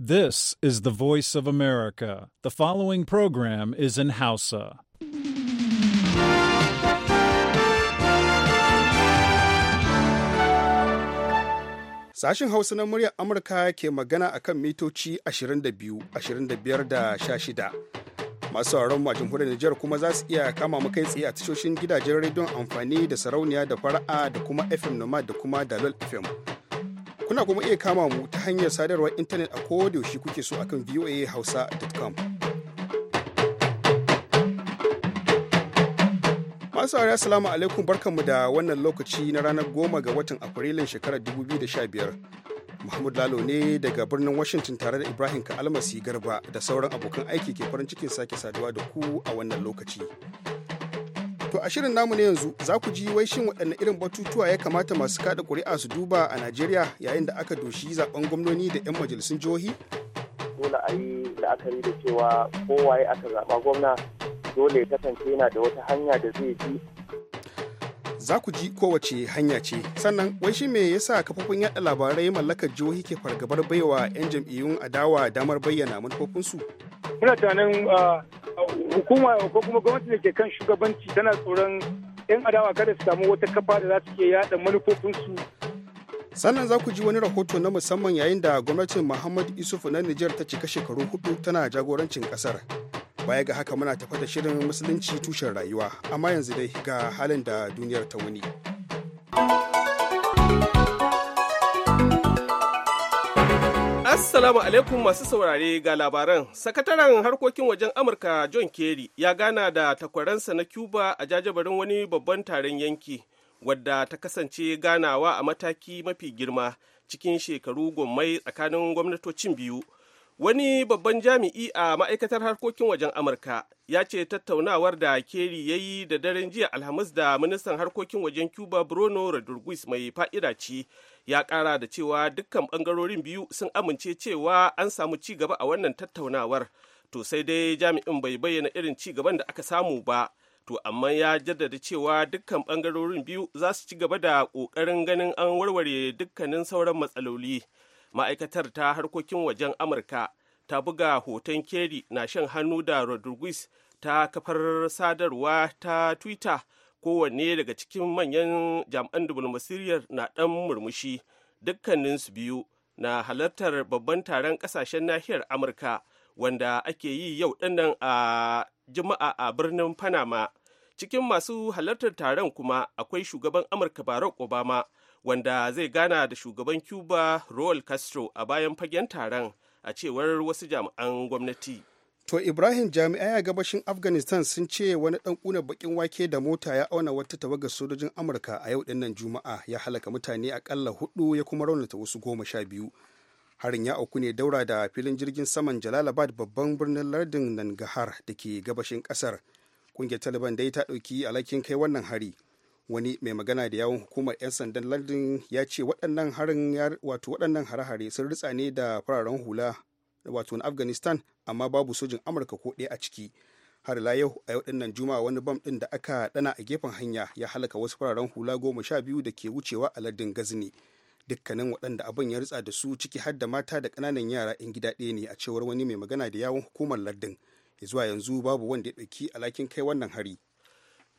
This is the voice of America. The following program is in Hausa. Sashen Hausa na muryar Amurka ke magana a kan mitoci 22, 25 da 16. Masu sauraron mu a jamhuriyar Nijar kuma za su iya kama mu kai tsaye a tashoshin gidajen rediyon amfani da sarauniya da fara'a da kuma FM Nomad da kuma Dalol FM. Kuna kuma iya kama mu ta hanyar sadarwar intanet a kodayaushe kuke so akan voahausa.com. Masu ariya salamu alaikum barkanmu da wannan lokaci na ranar goma ga watan Afrilun shekarar 2015. Mahmud Lalo ne daga birnin Washington tare da Ibrahim Ka'almasi Garba da sauran abokan aiki ke farin cikin sake saduwa da ku a wannan lokaci. To a shirin namu ne yanzu za ku ji wai shin waɗanne irin batutuwa ya kamata masu kaɗa ƙuri'a su duba a Najeriya yayin da aka doshi zaɓen gwamnoni da 'yan majalisun jihohi? Dole a yi la'akari da cewa kowaye aka zaɓa gwamna dole ya kasance yana da wata hanya da zai bi za ku ji kowace hanya ce sannan wai shi me yasa kafofin yaɗa labarai mallakar jihohi ke fargabar baiwa 'yan jam'iyyun adawa damar bayyana manufofinsu muna tunanin ah, hukuma ko kuma gwamnati da ke kan shugabanci tana tsoron 'yan adawa kada su samu wata kafa da za su ke yada manufofinsu sannan za ku ji wani rahoto na musamman yayin da gwamnatin muhammad Isufu na nijar ta cika shekaru hudu tana jagorancin kasar baya ga haka muna tafa da shirin musulunci tushen rayuwa amma yanzu dai ga halin da duniyar ta wuni Assalamu alaikum masu saurare ga labaran. Sakataren harkokin wajen Amurka John Kerry ya gana da takwaransa na Cuba a jajabarin wani babban taron yanki wadda ta kasance ganawa a mataki mafi girma cikin shekaru gwammai tsakanin gwamnatocin biyu wani babban jami'i a ma'aikatar harkokin wajen amurka ya ce tattaunawar da keri ya yi da daren jiya alhamis da ministan harkokin wajen cuba bruno rodriguez mai fa'ida ce ya kara da cewa dukkan bangarorin biyu sun amince cewa an samu ci gaba a wannan tattaunawar to sai dai jami'in bai bayyana irin ci gaban da aka samu ba to amma ya jaddada cewa dukkan bangarorin biyu za su ci gaba da ƙoƙarin ganin an warware dukkanin sauran matsaloli ma'aikatar ta harkokin wajen amurka ta buga hoton keri na shan hannu da rodriguez ta kafar sadarwa ta twitter kowanne daga cikin manyan jami'an diflomasiyyar na ɗan murmushi dukkaninsu biyu na halartar babban taron ƙasashen nahiyar amurka wanda ake yi yau ɗannan a juma'a a birnin panama cikin masu halartar taron kuma akwai shugaban amurka barack obama wanda zai gana da shugaban cuba roel castro a bayan fagen taron a cewar wasu jami'an gwamnati to ibrahim jami'ai a gabashin afghanistan sun ce wani dan kuna bakin wake da mota ya auna wata tawagar sojojin amurka a yau dinnan juma'a ya halaka mutane akalla hudu ya kuma raunata wasu goma sha biyu harin ya auku ne daura da filin jirgin saman jalalabad babban birnin lardin nangahar da ke gabashin kasar kungiyar taliban dai ta dauki alhakin kai wannan hari wani mai magana da yawon hukumar 'yan sandan Lardin ya ce waɗannan harin wato waɗannan hare-hare sun ritsa ne da fararen hula wato na afghanistan amma babu sojin amurka ko ɗaya a ciki har la yau a waɗannan juma'a wani bam ɗin da aka ɗana a gefen hanya ya halaka wasu fararen hula goma sha biyu da ke wucewa a lardin gazni dukkanin waɗanda abin ya ritsa da su ciki har da mata da ƙananan yara 'yan gida ɗaya ne a cewar wani mai magana da yawon hukumar lardin zuwa yanzu babu wanda ya ɗauki alakin kai wannan hari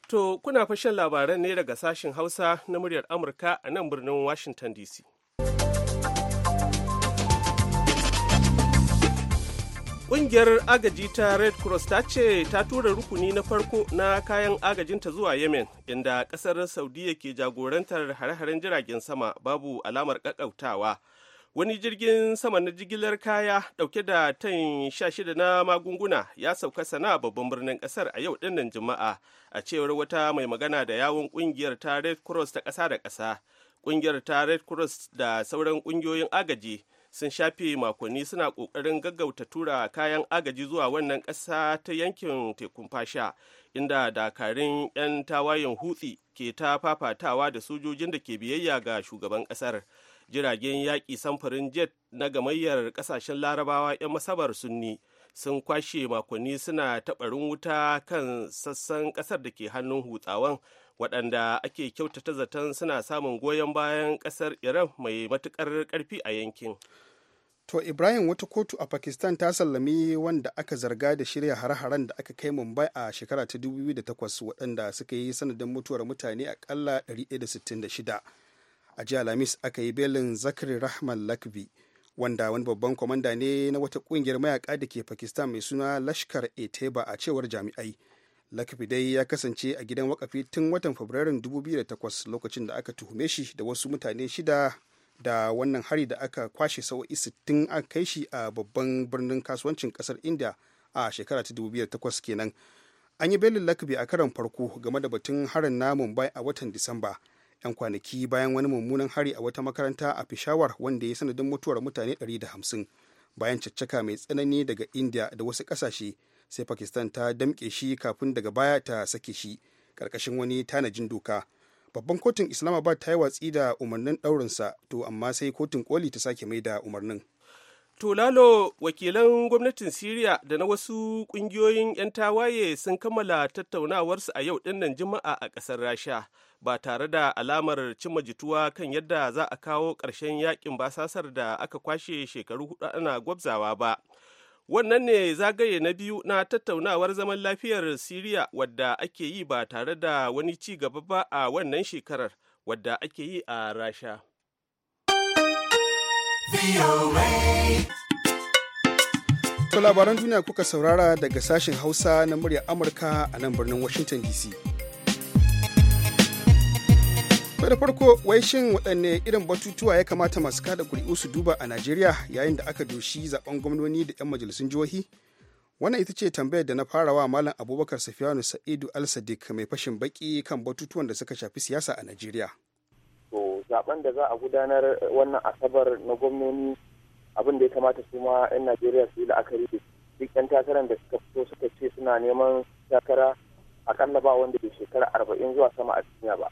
To kuna fashin labaran ne daga sashen Hausa na muryar Amurka a nan birnin Washington DC. Ƙungiyar agaji ta Red Cross ta ce ta tura rukuni na farko na kayan agajinta zuwa Yemen, inda ƙasar Saudiya ke jagorantar hare-haren jiragen sama babu alamar ƙaƙƙautawa. wani jirgin sama na jigilar kaya dauke da tan 16 na magunguna ya sauka sana babban birnin kasar a yau dinnan juma'a a cewar wata mai magana da yawon kungiyar ta red cross ta kasa da kasa kungiyar ta red cross da sauran kungiyoyin agaji sun shafe makonni suna kokarin gaggauta tura kayan agaji zuwa wannan ƙasa ta yankin tekun fasha inda dakarun 'yan tawayen hutsi ke ta fafatawa da sojojin da ke biyayya ga shugaban ƙasar. jiragen yaƙi samfurin jet na gamayyar ƙasashen larabawa 'yan masabar sunni sun kwashe makonni suna taɓarin wuta kan sassan ƙasar da ke hannun hutsawan waɗanda ake kyautata zaton suna samun goyon bayan ƙasar iran mai matuƙar ƙarfi a yankin to ibrahim wata kotu a pakistan ta sallami wanda aka zarga da shirya hare-haren da aka kai mumbai a shekara ta 2008 waɗanda suka yi sanadin mutuwar mutane akalla 166 a jiya lamis aka yi belin zakari rahman lakbi wanda wani babban kwamanda ne na wata kungiyar mayaka da ke pakistan mai suna lashkar eteba a cewar jami'ai lakbi dai ya kasance a gidan wakafi tun watan fabrairun 2008 lokacin da aka tuhume shi da wasu mutane shida da wannan hari da aka kwashe sau'i 60 a kai shi a babban birnin kasuwancin kasar india a shekara ta 2008 kenan an yi belin lakbi a karan farko game da batun harin na mumbai a watan disamba 'yan kwanaki bayan wani mummunan hari a wata makaranta a Peshawar wanda ya sanadin mutuwar mutane 150 bayan caccaka mai tsanani daga India da wasu ƙasashe sai Pakistan ta damƙe shi kafin daga baya ta sake shi ƙarƙashin wani tanajin doka. Babban kotun Islamabad ta yi watsi da umarnin ɗaurinsa to amma sai kotun koli ta sake mai da umarnin. To wakilan gwamnatin Siriya da na wasu ƙungiyoyin 'yan tawaye sun kammala tattaunawarsu a yau dinnan Juma'a a ƙasar Rasha ba tare da alamar cimma jituwa kan yadda za a kawo ƙarshen yakin basasar da aka kwashe shekaru hudu ana gwabzawa ba. Wannan ne zagaye na biyu na tattaunawar zaman lafiyar Siriya wadda ake yi ba tare da wani ci gaba ba a wannan shekarar wadda ake yi a Rasha. To labaran duniya kuka saurara daga sashen Hausa na muryar Amurka a nan birnin Washington DC. To da farko wai shin waɗanne irin batutuwa ya kamata masu kada kuri'u su duba a Najeriya yayin da aka doshi zaɓen gwamnoni da 'yan majalisun jihohi? Wannan ita ce tambayar da na fara wa Malam Abubakar Safiyanu Sa'idu Al-Sadiq mai fashin baki kan batutuwan da suka shafi siyasa a Najeriya. zaben da za a gudanar eh, wannan asabar na gwamnoni abin da ya kamata su ma 'yan najeriya su yi la'akari da duk 'yan takarar da suka fito suka ce suna neman takara akalla ba wanda bai shekara arba'in zuwa sama a duniya ba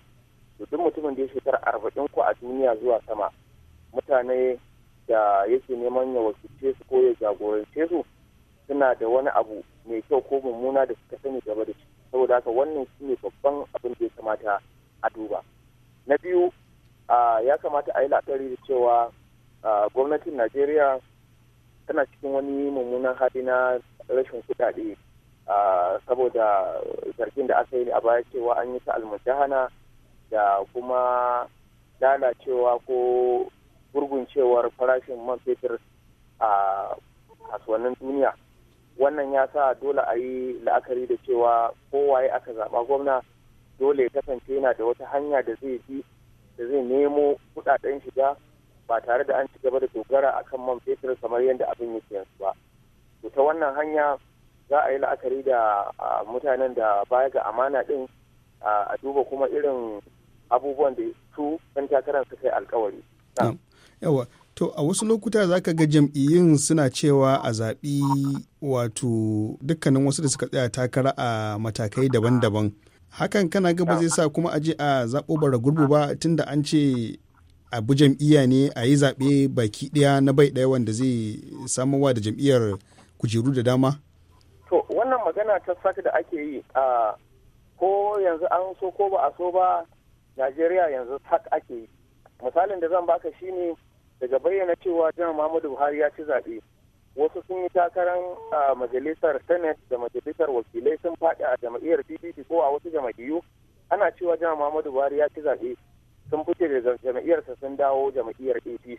to duk mutumin da ya shekara arba'in ko a duniya zuwa sama mutane da yake neman ya wakilce su ko ya jagorance su suna da wani abu mai kyau ko mummuna da suka sani gaba da shi saboda haka wannan shine babban abin da ya kamata a duba na biyu ya kamata a yi la'akari da cewa gwamnatin najeriya tana cikin wani mummunan hali na rashin kudade saboda zargin da aka yi a baya cewa an yi ta da kuma lalacewa ko gurguncewar farashin man fetur a kasuwannin duniya wannan ya sa dole a yi la'akari da cewa kowaye aka zaba gwamna dole ya kasance yana da wata hanya da zai bi da zai nemo kudaden shiga ba tare da an ci gaba da dogara akan man fetur kamar yadda abin yake yanzu ba to ta wannan hanya za a yi la'akari da mutanen da baya ga amana din a duba kuma irin abubuwan da su kan takarar suka yi alkawari. yawa to a wasu lokuta za ka ga jam'iyyun suna cewa a zaɓi wato dukkanin wasu da suka tsaya takara a matakai daban-daban hakan kana ga ba zai sa kuma a je a zaɓo bara gurbu ba tunda an ce abu jam'iyya ne a yi zaɓe baki ɗaya na bai ɗaya wanda zai samuwa da jam'iyyar kujeru da dama? To wannan magana ta saka da ake yi a ko yanzu an so ko ba a so ba Najeriya yanzu sak ake yi. Misalin da zan baka shine daga bayyana cewa Janar Muhammadu Buhari ya ci zaɓe. wasu sun yi takarar a majalisar senate da majalisar wakilai sun faɗi a jam'iyyar pdp ko a wasu jam'iyyu ana cewa jama muhammadu buhari ya ci zaɓe sun fice da jam'iyyarsa sun dawo jam'iyyar apc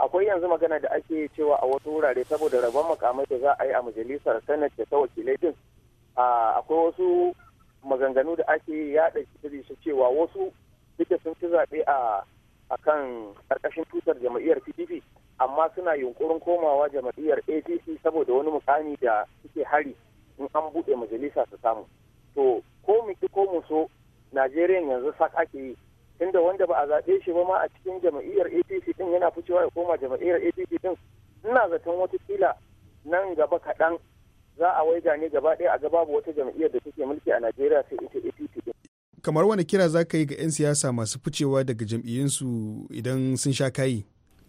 akwai yanzu magana da ake cewa a wasu wurare saboda rabon makamai da za a yi a majalisar senate da ta wakilai din akwai wasu maganganu da ake yada su cewa wasu duka sun ci zaɓe a kan ƙarƙashin tutar jam'iyyar pdp amma suna yunkurin komawa jam'iyyar apc saboda wani mukami da suke hari in an buɗe majalisa su samu to ko mu ki ko mu so najeriya yanzu sak ake yi tunda wanda ba a zaɓe shi ba ma a cikin jam'iyyar apc din yana ficewa ya koma jam'iyyar apc din ina zaton wata watakila nan gaba kaɗan za a waiga ne gaba ɗaya a gaba wata jam'iyyar da take mulki a najeriya sai ita apc din kamar wani kira za ka yi ga 'yan siyasa masu ficewa daga jam'iyyunsu idan sun sha kayi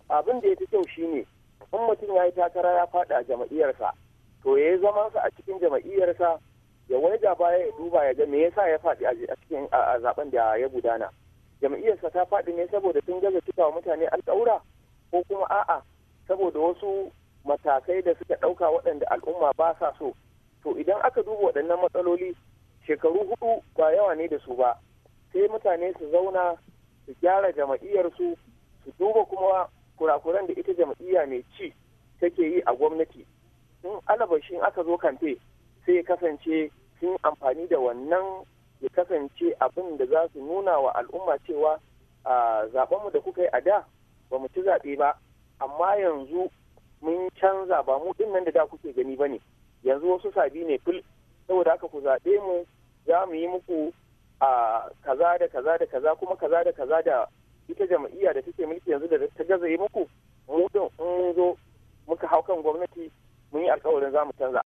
abin da ya fi kyau shine in mutum ya yi takara ya faɗa a jama'iyyarsa to ya yi sa a cikin jama'iyyarsa ya da baya ya duba ya ga me yasa ya faɗi a cikin zaben da ya gudana jama'iyarsa ta faɗi ne saboda sun gaza cikawa mutane alƙawura ko kuma a'a saboda wasu matakai da suka ɗauka waɗanda al'umma ba sa so to idan aka duba waɗannan matsaloli shekaru hudu ba yawa ne da su ba sai mutane su zauna su gyara jama'iyyarsu su duba kuma kurakuran da ita jam'iyya mai ci take yi a gwamnati sun alabashin aka zo kamfe sai ya kasance sun amfani da wannan ya kasance abin da za su nuna wa al'umma cewa a zaɓenmu da kuka yi a da ba mu ci zaɓe ba amma yanzu mun canza ba mu ɗin nan da da kuke gani ba ne yanzu wasu sabi ne fil saboda haka ku zaɓe mu za mu yi muku a kaza da kaza da kaza kuma kaza da kaza da ita jam'iyya da take mulki yanzu da ta gaza yi muku mu din mun zo muka hau kan gwamnati mun yi alkawarin za mu canza.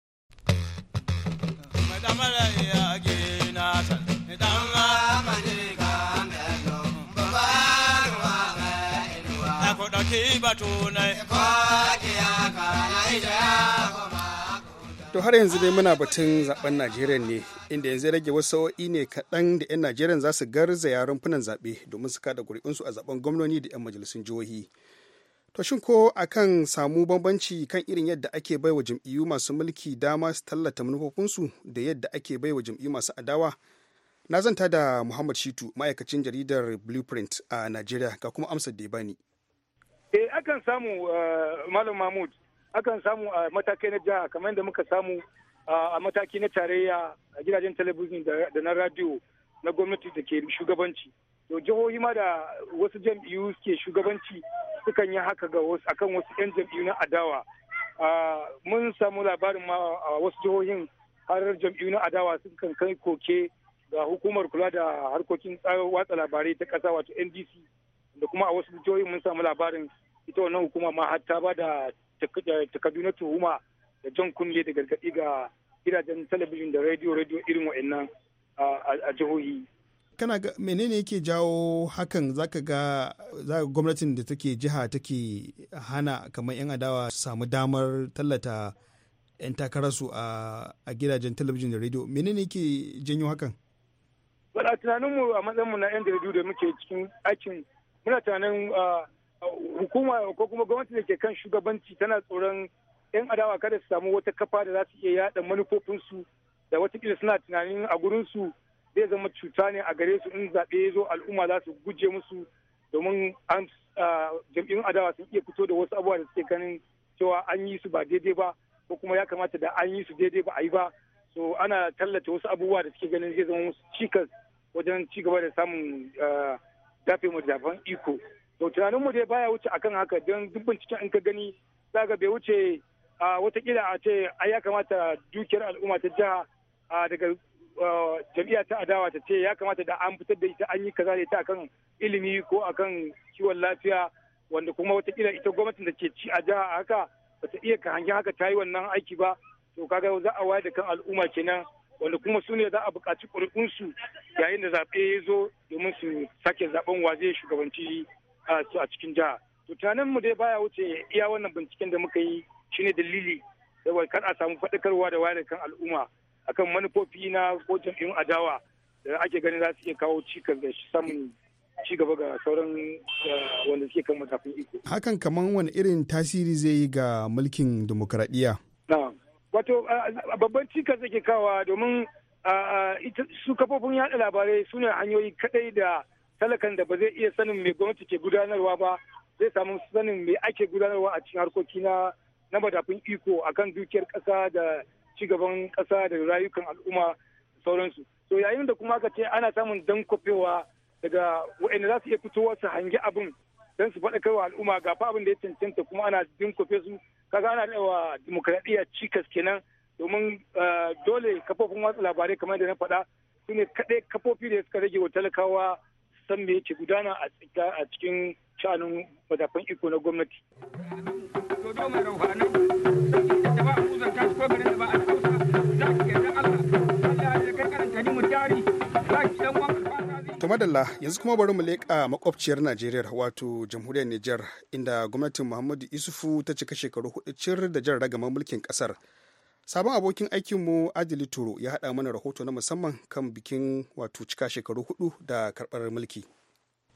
Ku ɗauki batu ne, ko ki na ita ya kuma. to har yanzu dai muna batun zaben najeriya ne inda yanzu rage wasu sa'o'i ne kaɗan da 'yan najeriya za su garza garzaya funan zaɓe domin su kada ƙuri'unsu a zaben gwamnoni da 'yan majalisun jihohi to shin ko akan samu bambanci kan irin yadda ake bai wa jam'iyyu masu mulki dama su tallata manufofinsu da yadda ake bai wa jam'iyyu masu adawa na zanta da muhammad shitu ma'aikacin jaridar blueprint a najeriya ga kuma amsar da ya bani eh akan samu eh, malam mahmud akan samu a matakai na jiha kamar yadda muka samu a mataki na tarayya a gidajen talabijin da na radio na gwamnati da ke shugabanci to jihohi ma da wasu jam'iyyu ke shugabanci sukan yi haka ga wasu akan wasu 'yan jam'iyyu na adawa mun samu labarin ma a wasu jihohin har jam'iyyu na adawa sukan kai koke ga hukumar kula da harkokin watsa labarai ta kasa wato ndc da kuma a wasu jihohin mun samu labarin ita wannan hukuma ma har ba da ta kaduna tuhuma da jan kunne da gargaɗi ga gidajen talabijin da rediyo rediyo irin wa'annan a jihohi kana ga menene yake jawo hakan zaka ga gwamnatin da take jiha take hana kamar yan adawa samu damar tallata yan takararsu a gidajen talabijin da rediyo menene yake janyo hakan wala tunaninmu a matsayinmu na yan da da muke cikin aikin muna tunanin hukuma ko kuma gwamnati da ke kan shugabanci tana tsoron 'yan adawa kada su samu wata kafa da za su iya yada manufofinsu da wata watakila suna tunanin a gurinsu zai zama cuta ne a gare su in zaɓe ya zo al'umma za su guje musu domin an jam'iyyun adawa sun iya fito da wasu abubuwa da suke ganin cewa an yi su ba daidai ba ko kuma ya kamata da an yi su daidai ba a yi ba so ana tallata wasu abubuwa da suke ganin zai zama musu cikas wajen cigaba da samun dafe madafan iko to tunanin mu dai baya wuce akan haka don duk binciken in ka gani zaka bai wuce a watakila a ce ai ya kamata dukiyar al'umma ta jiha daga jam'iyya ta adawa ta ce ya kamata da an fitar da ita an yi kaza ta akan ilimi ko akan kiwon lafiya wanda kuma watakila ita gwamnatin da ke ci a jiha a haka bata iya ka hangen haka ta yi wannan aiki ba to kaga za a wayar da kan al'umma kenan wanda kuma su ne za a buƙaci ƙuri'unsu yayin da zaɓe ya zo domin su sake zaɓen wa zai shugabanci su a cikin jiha to tunanin mu dai baya wuce iya wannan binciken da muka yi shine dalili da kar a samu faɗakarwa da wayar kan al'umma akan manufofi na ko jam'iyyun adawa da ake ganin za su iya kawo cikas da samun ci gaba ga sauran eh, wanda suke kan matafin iko. Hakan kamar wani irin tasiri zai yi ga mulkin dimokuraɗiyya? Wato eh, babban cikas yake kawa domin eh, su kafofin yada labarai su ne hanyoyi kaɗai da talakan da ba zai iya sanin mai gwamnati ke gudanarwa ba zai samu sanin mai ake gudanarwa a cikin harkoki na na madafin iko kan dukiyar kasa da cigaban kasa da rayukan al'umma da sauransu to yayin da kuma aka ce ana samun dan kofewa daga wa'anda za su iya fitowa su hangi abin don su faɗa wa al'umma ga fa abin da ya cancanta kuma ana kofe su kaga ana dawa demokradiyya cikas kenan domin eh, dole kafofin watsa labarai kamar da na faɗa su ne kaɗai kafofi da suka rage wa talakawa san me yake gudana a cikin shanun madafan iko na gwamnati. To madalla yanzu kuma bari mu leƙa makwabciyar Najeriya wato jamhuriyar Nijar inda gwamnatin Muhammadu Isufu ta cika shekaru hudu cir da jan ragaman mulkin kasar sabon abokin aikinmu ajili toro ya haɗa mana rahoto na musamman kan bikin wato cika shekaru hudu da karɓar mulki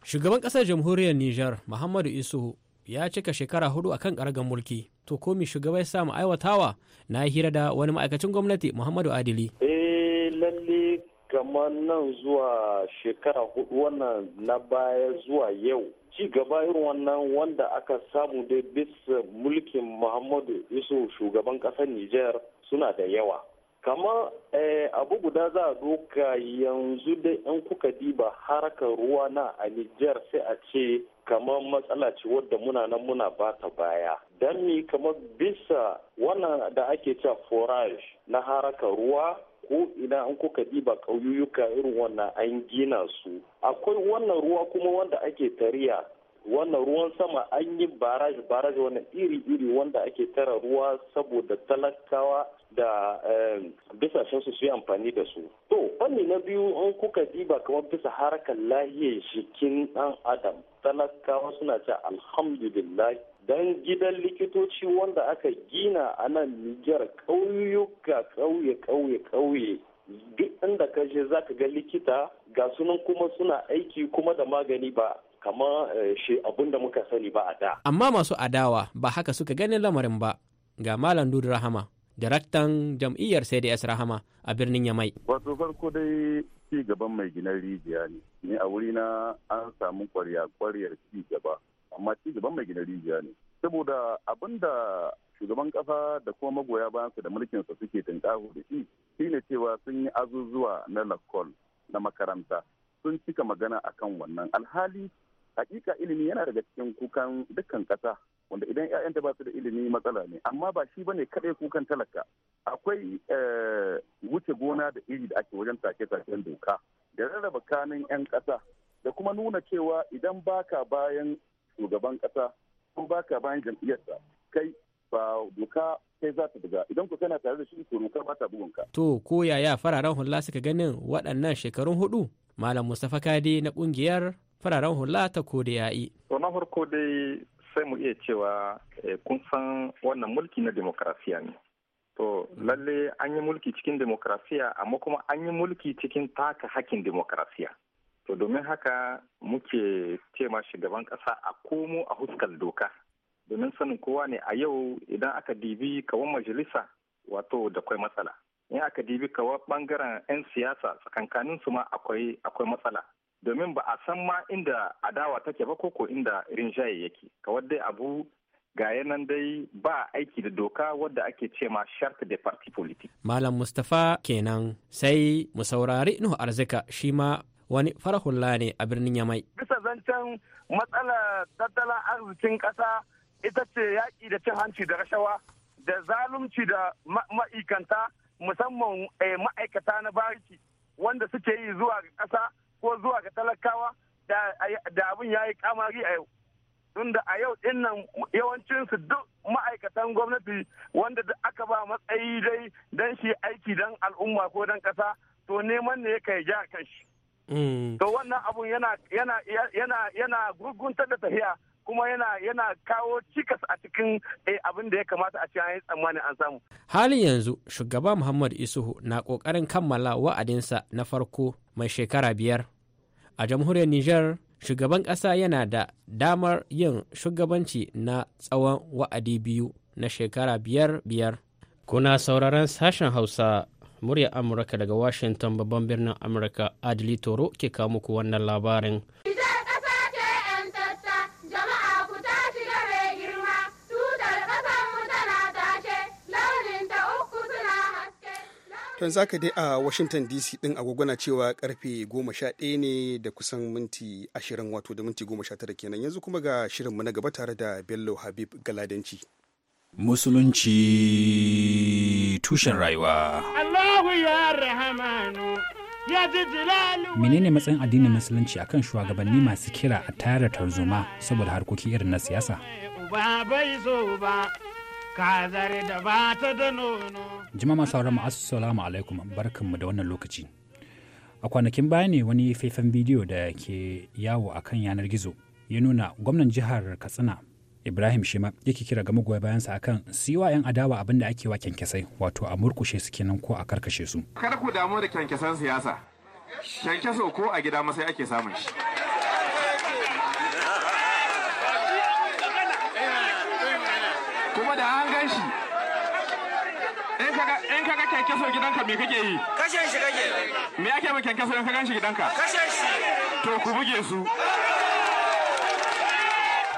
shugaban ƙasar jamhuriyar nijar muhammadu isuhu ya cika shekara hudu a kan mulki to komi shugaba ya samu aiwatawa na hira da wani ma'aikacin gwamnati muhammadu adili eh lalle kamar nan zuwa shekara hudu wannan na baya zuwa yau ci gaba irin wannan wanda aka samu dai bisa mulkin muhammadu isu shugaban ƙasar nijar suna da yawa kamar eh, abu guda za a doka yanzu da an kuka diba harkar ruwa na a Nijar sai a ce kamar matsala ce wadda muna nan muna ba ta baya don mi kamar bisa wannan da ake cewa forage na harkar ruwa ko ina an kuka diba kauyuka irin wannan an gina su akwai wannan ruwa kuma wanda ake tariya wannan ruwan sama an yi baraj baraj wannan iri-iri wanda ake tara ruwa saboda talakawa da eh, bisa su su yi amfani da su. To, fanni na biyu in kuka diba kamar bisa harkar lahiyar shikin ɗan adam, talakawa suna ce alhamdulillah dan gidan likitoci wanda aka gina a nan Nijar ƙauyuka ƙauye ƙauye ƙauye duk inda ka je za ka ga likita ga sunan kuma suna aiki kuma da magani ba kama eh, shi abin da muka sani ba a da. Amma masu adawa ba haka suka ganin lamarin ba ga Malam Dudu Rahama. daraktan jam'iyyar CDS Rahama a birnin Yamai. Wato farko dai ci gaban mai ginar rijiya ne, ni a wuri na an samu kwarya kwaryar ci gaba, amma ci gaban mai ginar rijiya ne. Saboda abin da shugaban kasa da kuma magoya su da mulkin su suke tinkahu da shi ne cewa sun yi azuzuwa na lakol na makaranta sun cika magana akan wannan alhali hakika ilimi yana daga cikin kukan dukkan kasa wanda idan 'ya'yanta ba su da ilimi matsala ne amma ba shi bane kaɗai kukan talaka akwai eh, wuce gona da iri da ake wajen take-taken doka da rarraba kanin 'yan kasa da kuma nuna cewa idan baka bayan shugaban ƙasa ko baka bayan jam'iyyarsa kai ba doka kai za ta buga idan ku kana tare da shi to doka ba ta bugunka. To ko yaya fararen hula suka ganin waɗannan shekarun hudu? Malam Mustapha Kade na kungiyar fararen hula ta kode yayi. na farko dai sai mu iya cewa eh, kun san wannan mulki na demokrasiya ne to lalle an yi mulki cikin demokrasiya amma kuma an yi mulki cikin taka hakkin demokrasiya to domin haka muke ce ma shugaban kasa a komo a huskar doka domin sanin kowa ne a yau idan aka dibi kawan majalisa wato da kwai matsala in aka dibi kawan bangaren 'yan siyasa tsakankanin su ma akwai matsala domin ba a san ma inda adawa take ba koko inda rinjaye yake kawai dai abu ga nan dai ba aiki da doka wadda ake ce ma shark da party politik. Malam Mustapha kenan sai mu saurari Nuhu Arzika shi ma wani farahulla ne a birnin Yamai. Bisa zancen matsalar tattalin arzikin ƙasa ita ce yaƙi da cin hanci da rashawa da zalunci da ma'aikanta musamman eh, ma'aikata na bariki wanda suke yi zuwa ƙasa ko zuwa ga talakawa da abin ya yi kamari a yau tunda a yau din nan yawancinsu duk ma'aikatan gwamnati wanda aka ba matsayi dai don shi aiki don al'umma ko don kasa to neman ne yake ja shi. Mm. to wannan abun yana yana gurguntar da tafiya kuma yana yana kawo cikas a cikin eh, abin da ya kamata a cikin tsammani an samu. Halin yanzu shugaba Muhammad Isuhu na kokarin kammala wa'adinsa na farko mai shekara biyar a jamhuriyar nijar shugaban ƙasa yana da damar yin shugabanci na tsawon wa'adi biyu na shekara biyar biyar kuna sauraron sashen hausa muryar amurka daga washington babban birnin amurka adili toro ke kawo muku wannan labarin yanzu zaka dai a washington dc din agogona cewa karfe 11 ne da kusan minti 20 wato da minti 19 kenan yanzu kuma ga shirinmu na gaba tare da bello habib galadanci musulunci tushen rayuwa Allahu ya rahamanu menene matsayin addinin musulunci akan shugabanni masu kira a tare tarzoma saboda harkoki irin na siyasa ba bai zo ba kazar da ba ta da nono. Jima masu sauran assalamu alaikum barkan mu da wannan lokaci. A kwanakin baya ne wani faifan bidiyo da ke yawo a kan yanar gizo ya nuna gwamnan jihar Katsina Ibrahim Shima yake kira ga magoya bayansa akan siwa 'yan adawa abin da ake wa kyankyasai wato a murkushe su kenan ko a karkashe su. Kar ku damu da kyankyasan siyasa. Kyankyaso ko a gida masai ake samun shi. an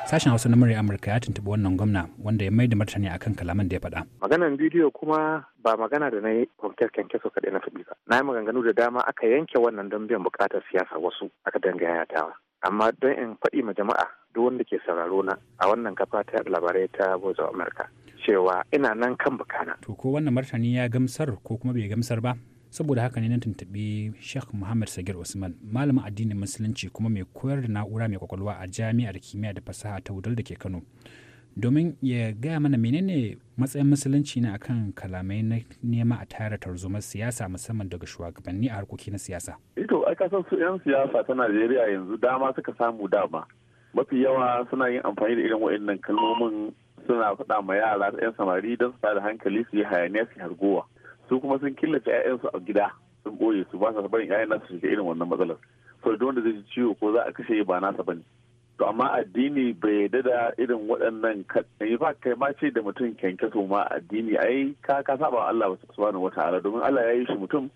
sashen hausa na murya amurka ya tuntuɓi wannan gwamna wanda ya mai da martani akan kalaman da ya faɗa maganan bidiyo kuma ba magana da na yi kyanke kyankyaso kaɗai na faɗi ba na yi maganganu da dama aka yanke wannan don biyan buƙatar siyasa wasu aka danga yayatawa amma don in faɗi ma jama'a duk wanda ke sauraro na a wannan kafa ta labarai ta voice of america cewa ina nan kan bukana. To ko wannan martani ya gamsar ko kuma bai gamsar ba? Saboda haka ne na tuntuɓi Sheikh Muhammad Sagir Usman, malamin addinin Musulunci kuma mai koyar da na'ura mai kwakwalwa a jami'ar kimiyya da fasaha ta Wudal da ke Kano. Domin ya gaya mana menene matsayin musulunci na akan kalamai na nema a tara tarzomar siyasa musamman daga shugabanni a harkoki na siyasa. Ito, eh a kasar su 'yan siyasa ta Najeriya yanzu dama suka samu dama. mafi yawa suna yin amfani da irin wa'annan kalmomin suna faɗa ma yara 'yan samari don su da hankali su yi hayaniya su hargowa su kuma sun killace 'ya'yansu a gida sun ɓoye su ba sa barin 'ya'yan nasu shiga irin wannan matsalar to da wanda zai ji ciwo ko za a kashe ba nasa ne? to amma addini bai yarda da irin waɗannan yi fa kai ma ce da mutum kyankyaso ma addini ai ka ka saba Allah subhanahu wataala domin Allah ya yi shi mutum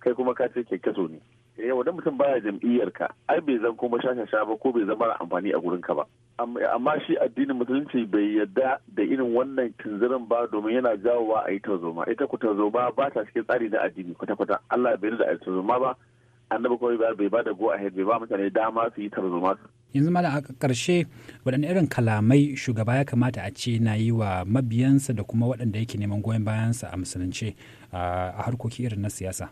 kai kuma ka ce kyankyaso ne ya eh, wani mutum baya jam'iyyar ka ai bai zan kuma sha ba ko bai zama mara amfani a gurin ka ba amma shi addinin musulunci bai yadda da irin wannan tunzirin ba domin yana jawowa a yi tarzoma ita ku tarzoma ba ta cikin tsari na addini kwata-kwata Allah bai da a yi tarzoma ba annabi kawai bai ba da go ahead bai ba mutane dama su yi tarzoma yanzu malam a ƙarshe waɗanne irin kalamai shugaba ya kamata a ce na yi wa mabiyansa da kuma waɗanda yake neman goyon bayansa a musulunce a harkoki irin na siyasa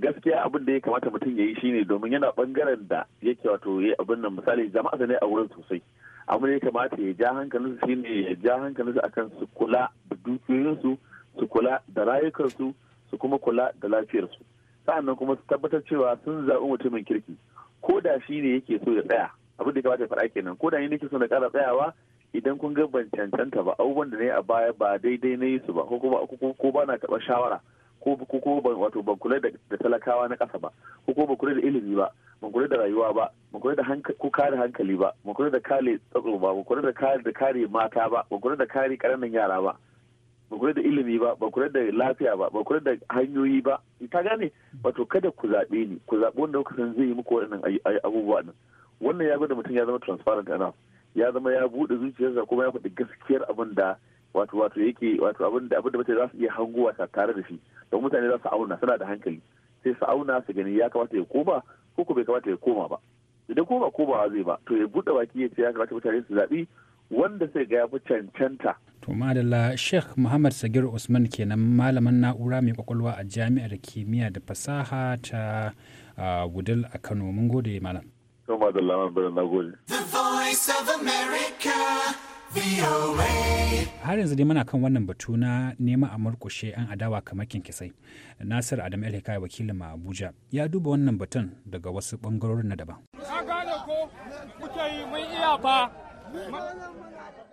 gaskiya abin da ya kamata mutum ya yi shine domin yana bangaren da yake wato ya abin nan misali jama'a ne a wurin sosai abin da ya kamata ya ja hankalinsu shine ya ja hankalinsu akan su kula da dukiyoyinsu su kula da rayukansu su kuma kula da lafiyarsu sa'annan kuma su tabbatar cewa sun zaɓi mutumin kirki ko da shi ne yake so ya tsaya abin da ya kamata ya faɗa kenan ko da ni nake so na ƙara tsayawa idan kun ga ban cancanta ba abubuwan da na yi a baya ba daidai na yi su ba ko kuma ko ba na taɓa shawara ko ko wato ban kula da talakawa na ƙasa ba ko ko ban kula da ilimi ba ban kula da rayuwa ba ban kula da ko kare hankali ba ban kula da kare tsaro ba ban kula da kare da kare mata ba ban kula da kare karamin yara ba ban kula da ilimi ba ban kula da lafiya ba ban kula da hanyoyi ba ta gane wato kada ku zaɓe ni ku zaɓi wanda kuka san zai yi muku waɗannan abubuwa nan wannan ya gwada mutum ya zama transparent ana ya zama ya buɗe zuciyarsa kuma ya faɗi gaskiyar abin da wato wato yake wato abin da abin da mutane za su iya hanguwa tare da shi da mutane za su auna suna da hankali sai su auna su gani ya kamata ya koma ko ko bai kamata ya koma ba idan koma zai ba to ya buɗe baki ya ce ya kamata mutane su zaɓi wanda sai ga ya fi cancanta. To madalla Sheikh Muhammad Sagir Usman kenan malaman na'ura mai kwakwalwa a jami'ar kimiyya da fasaha ta gudal a Kano. Mun gode malam. To madalla na gode. The har yanzu dai muna kan wannan batu na nema a murkushe an adawa kamar kinkisai nasir adam el wakilin ma abuja ya duba wannan batun daga wasu bangarorin na daban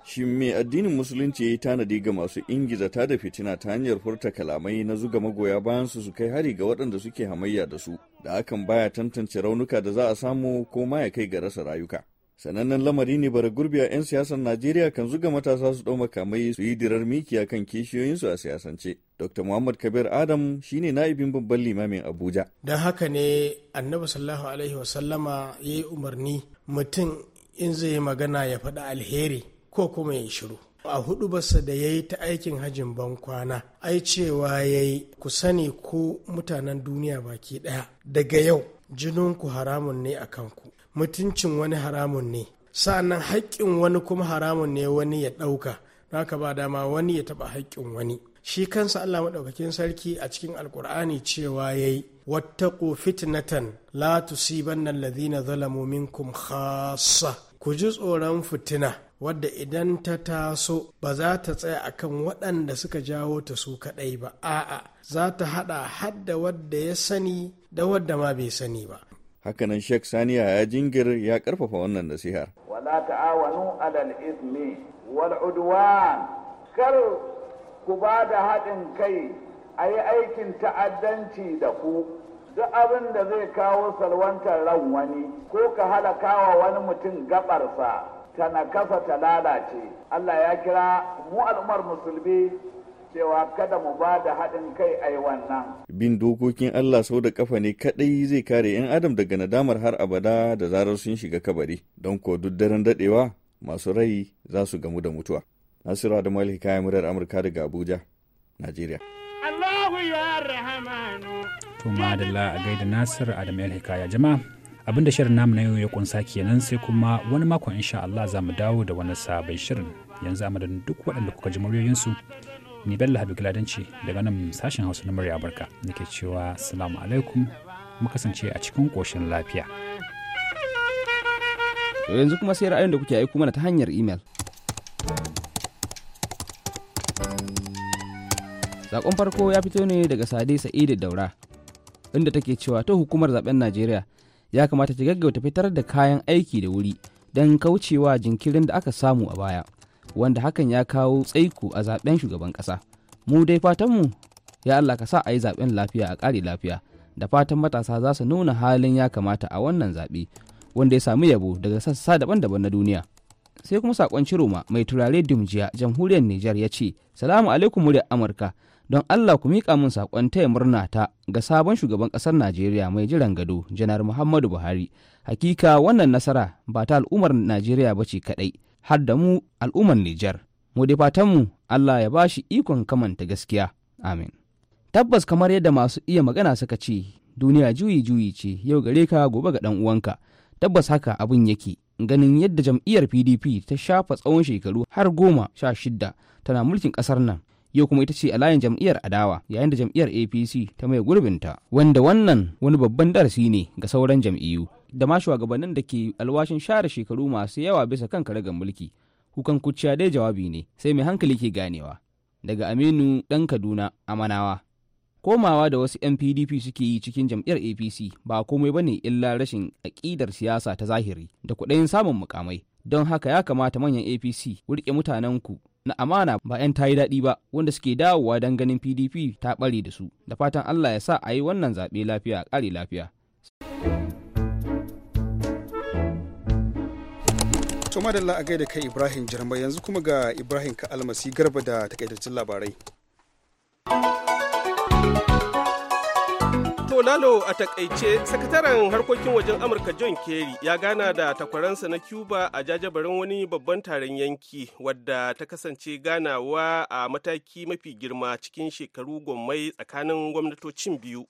Shin me addinin musulunci ya yi tanadi ga masu ingiza ta da fitina ta hanyar furta kalamai na zuga magoya bayan su su kai hari ga waɗanda suke hamayya da su da hakan baya tantance raunuka da za a samu ko ma ya kai ga rasa rayuka. sanannen lamari ne bara gurbi a 'yan siyasar Najeriya kan zuga matasa su ɗau makamai su yi dirar a kan kishiyoyinsu a siyasance. Dr. Muhammad Kabir Adam shine na'ibin babban limamin Abuja. Don haka ne Annabi sallallahu alaihi wasallama ya yi umarni mutum in zai magana ya faɗi alheri ko kuma ya shiru. A hudu basa da ya yi ta aikin hajin ban kwana, ai cewa ya yi ku sani ko mutanen duniya baki ɗaya daga yau jininku haramun ne a kanku. mutuncin wani haramun ne nan haƙƙin wani kuma haramun ne wani ya ɗauka haka ba dama wani ya taɓa haƙƙin wani shi kansa Allah maɗaukakin sarki a cikin alkur'ani cewa ya yi wattaku fitnatan la tusibanna ladina zalamu minkum khassa ku ji tsoron fitina wadda idan ta taso ba za ta tsaya akan waɗanda suka jawo ta su kaɗai ba a'a za ta haɗa hadda wadda ya sani da wadda ma bai sani ba Hakanan Sheikh saniya ya jingir ya karfafa wannan nasihar. Wala ta'awanu alal ismi wal udwan kar ku ba da haɗin kai a yi aikin ta'addanci da ku duk abin da zai kawo salwantar ran wani ko ka halaka wa wani mutum gabarsa ta nakasa ta lalace. Allah ya kira mu al'ummar musulmi cewa kada mu ba da haɗin kai a wannan. Bin dokokin Allah sau da kafa ne kaɗai zai kare 'yan Adam daga nadamar har abada da zarar sun shiga kabari, don ko duk daren daɗewa masu rai za su gamu da mutuwa. Nasiru adamu Malik kayan murar Amurka daga Abuja, Najeriya. Allahu ya rahamanu. To la a gaida Nasir Adam Hikaya jama'a. Abin da shirin namu na yau ya kunsa kenan sai kuma wani makon insha Allah za mu dawo da wani sabon shirin yanzu a duk waɗanda kuka ji muryoyinsu. ni bella habi giladanci daga nan sashen hausa na murya amurka nake cewa salamu alaikum mu kasance a cikin koshin lafiya yanzu kuma sai ra'ayin da kuke aiko mana ta hanyar imel sakon farko ya fito ne daga sade sa'idu daura inda take cewa ta hukumar zaben najeriya ya kamata ta gaggauta fitar da kayan aiki da wuri don kaucewa jinkirin da aka samu a baya wanda hakan ya kawo tsaiko a zaben shugaban ƙasa mu dai fatanmu ya allah ka sa a yi zaben lafiya a ƙare lafiya da fatan matasa za su nuna halin ya kamata a wannan zaɓe wanda ya samu yabo daga sassa daban-daban na duniya sai kuma sakon ciroma mai turare dimjiya jamhuriyar nijar ya ce salamu alaikum muryar amurka don allah ku miƙa min sakon taya murna ta ga sabon shugaban ƙasar najeriya mai jiran gado janar muhammadu buhari hakika wannan nasara ba ta al'ummar najeriya ba ce kaɗai har da mu al'ummar Nijar. Mu da fatanmu Allah ya ba shi ikon kamanta gaskiya. Amin. Tabbas kamar yadda masu iya magana suka ce, duniya juyi juyi ce yau gare ka gobe ga ɗan uwanka. Tabbas haka abin yake ganin yadda jam'iyyar PDP ta shafa tsawon shekaru har goma sha shidda tana mulkin ƙasar nan. yau kuma ita ce a layin jam'iyyar adawa yayin da jam'iyyar apc ta mai gurbinta wanda wannan wani babban darasi ne ga sauran jam'iyyu da ma shugabannin da ke alwashin share shekaru masu yawa bisa kan karagar mulki kukan kuciya dai jawabi ne sai mai hankali ke ganewa daga aminu dan kaduna amanawa komawa da wasu 'yan pdp suke yi cikin jam'iyyar apc ba komai bane illa rashin aƙidar siyasa ta zahiri da kuɗayin samun mukamai don haka ya kamata manyan apc wurke mutanen ku na amana ba 'yan tayi daɗi ba wanda suke dawowa don ganin pdp ta ɓare da su da fatan allah ya sa a yi wannan zaɓe lafiya a ƙare lafiya To madalla a gaida kai Ibrahim Jirma yanzu kuma ga Ibrahim ka almasi garba da takaitaccen labarai. To Lalo a takaice sakataren harkokin wajen Amurka John Kerry ya gana da takwaransa na Cuba a jajabarin wani babban taron yanki wadda ta kasance ganawa a mataki mafi girma cikin shekaru gwammai tsakanin gwamnatocin biyu.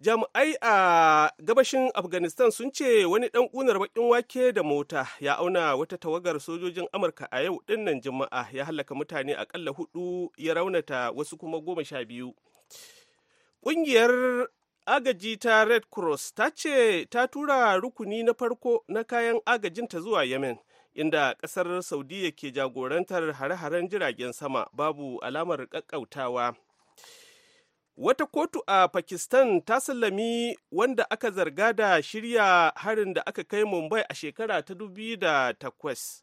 jami'ai a gabashin afghanistan sun ce wani dan kunar bakin wake da mota ya auna wata tawagar sojojin amurka a yau dinnan juma'a ya halaka mutane akalla hudu ya raunata wasu kuma goma sha biyu ƙungiyar agaji ta red cross ta ce ta tura rukuni na farko na kayan agajinta zuwa yemen inda ƙasar saudiya ke jagorantar hare-haren jiragen sama babu alamar ƙaƙƙautawa wata kotu a pakistan ta sallami wanda aka zarga da shirya harin da aka kai mumbai a shekara ta da takwas.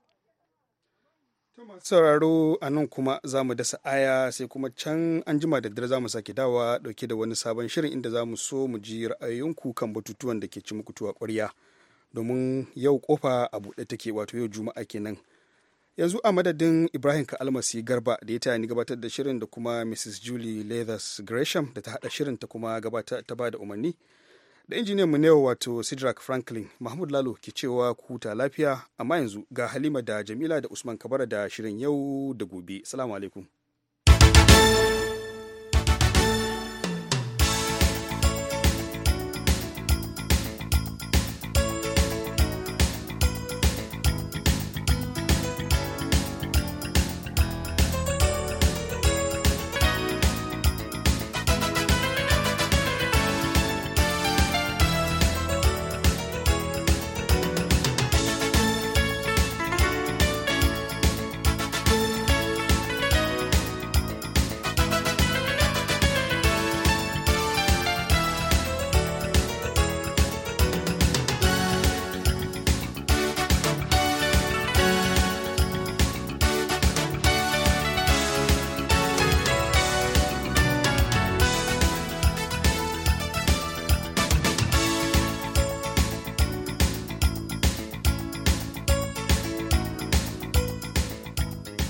sauraro a nan kuma za mu dasa aya sai kuma can an jima da dare za mu sake dawa dauke da wani sabon shirin inda za mu so mu ji ra'ayoyinku kukan batutuwan da ke ci muku tuwa ƙwarya domin yau kofa a buɗe take wato yau juma'a kenan yanzu a madadin ibrahim ka almasi garba da ya taya ni gabatar da shirin da kuma mrs julie leathers gresham da ta hada shirin ta kuma gabata ta ba da umarni da injiniyan mu newa wato sidrak franklin mahmud lalo ke cewa ku huta lafiya amma yanzu ga halima da jamila da usman kabara da shirin yau da gobe salamu alaikum